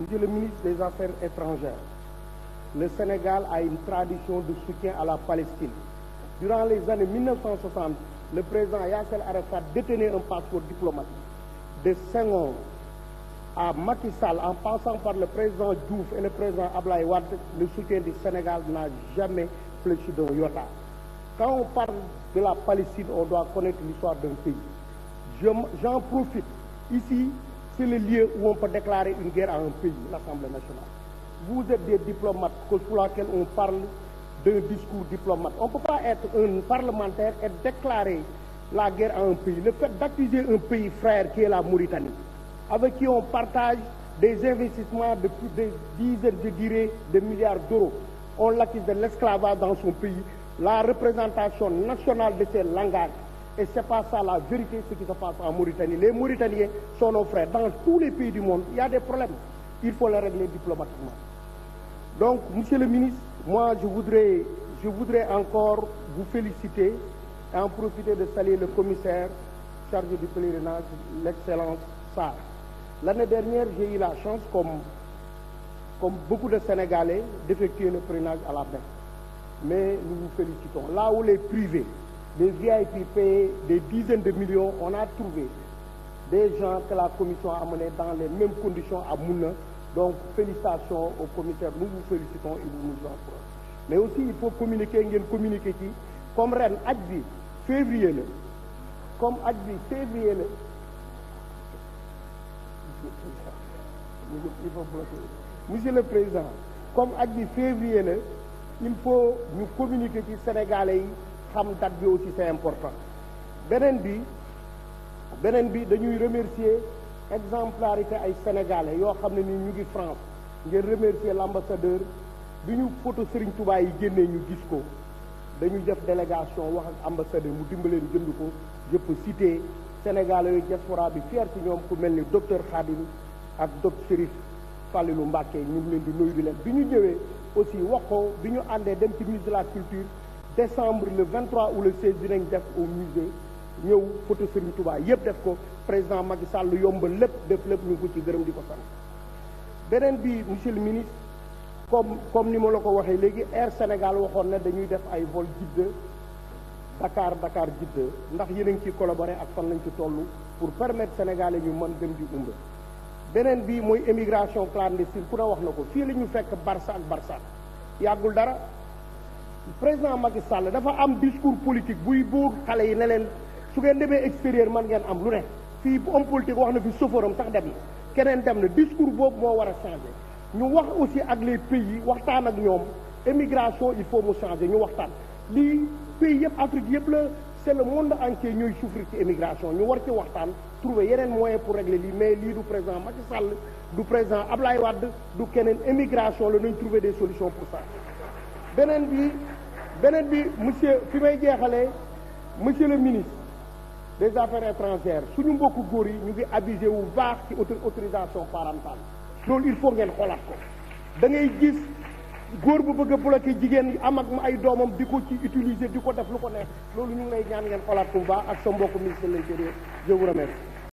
Monsieur le ministre des Affaires étrangères, le Sénégal a une tradition de soutien à la Palestine. Durant les années 1960, le président Yasser Arafat détenait un passeport diplomatique. De Senghor à Macky Sall, en passant par le président Diouf et le président ablai Wade, le soutien du Sénégal n'a jamais fléchi d'un iota. Quand on parle de la Palestine, on doit connaître l'histoire d'un pays. J'en profite ici c'est le lieu où on peut déclarer une guerre à un pays, l'Assemblée nationale. Vous êtes des diplomates, que pour laquelle on parle d'un discours diplomate. On peut pas être un parlementaire et déclarer la guerre à un pays. Le fait d'accuser un pays frère qui est la Mauritanie, avec qui on partage des investissements de de dizaines de durées de milliards d'euros, on l'accuse de l'esclavage dans son pays, la représentation nationale de ces langages, Et c'est pas ça la vérité, ce qui se passe en Mauritanie. Les Mauritaniens sont nos frères. Dans tous les pays du monde, il y a des problèmes. Il faut les régler diplomatiquement. Donc, Monsieur le ministre, moi, je voudrais, encore vous féliciter et en profiter de saluer le commissaire chargé du pèlerinage, l'excellence Sarr. L'année dernière, j'ai eu la chance, comme, comme beaucoup de Sénégalais, d'effectuer le pèlerinage à la mer. Mais nous vous félicitons. Là où les privés des VIP payés des dizaines de millions, on a trouvé des gens que la commission a amenés dans les mêmes conditions à Mouna. Donc, félicitations au commissaire, nous vous félicitons et nous nous encourageons. Mais aussi, il faut communiquer, il communiquer qui, comme Rennes, Advi, février, le, comme Advi, février, le, Monsieur le Président, comme Advi, février, le, il faut nous communiquer qui Sénégalais, xam date bi aussi c'est important beneen bi beneen bi dañuy remercier exemplarité ay sénégalais yoo xam ne ni ñu ngi France ngeen remercier l'ambassadeur bi ñu photo Serigne Touba yi génnee ñu gis ko dañu def délégation wax ak ambassadeur mu dimbaleen jënd ko yëpp cité sénégalais yooyu diaspora bi fier ci ñoom ku mel ni docteur Khadim ak docteur Chérif Fallilou Mbacké ñu ngi leen di nuyu di leen bi ñu ñëwee aussi wax ko bi ñu àndee dem ci de la culture décembre le 23 ou le di nañ def au musée ñëw photo Serigne Touba yépp def ko président Macky sàll yombal lépp def lépp ñu ngi ci gërëm di ko sant beneen bi monsieur le ministre comme comme ni ma la ko waxee léegi Air Sénégal waxoon na dañuy def ay vol Jidda Dakar Dakar Jidda ndax yéen a ngi ciy collaboré ak fan lañ ci toll pour permettre Sénégalais ñu mën dem di umba beneen bi mooy émigration clandestine ku ne wax na ko fii la ñu fekk Barça ak Barça yàggul dara président Macky Sall dafa am discours politique buy buur xale yi ne leen su ngeen demee extérieur man ngeen am lu ne fii homme politique wax na fi chauffeuram sax dem na keneen dem na discours boobu moo war a changer ñu wax aussi ak les pays waxtaan ak ñoom émigration il faut mu changer ñu waxtaan lii pays yëpp Afrique yëpp la c'est le monde entier ñooy souffrir ci émigration ñu war ci waxtaan trouver yeneen moyen pour régler lii mais lii du président Macky Sall du président Ablaye du keneen émigration la nañ trouver des solutions pour ça beneen bi beneen bi monsieur fi may jeexale monsieur le ministre des affaires étrangères suñu mbokku góor yi ñu ngi abusé wu baax ci autorisation parentale loolu il faut ngeen xoolaat ko da ngay gis góor bu bëgg a bloqué jigéen yi am ak mu ay doomam di ko ci utiliser di ko def lu ko neex loolu ñu ngi lay ñaan ngeen xoolaat ko bu baax ak sa mbokku ministre de l'intérieur je vous remercie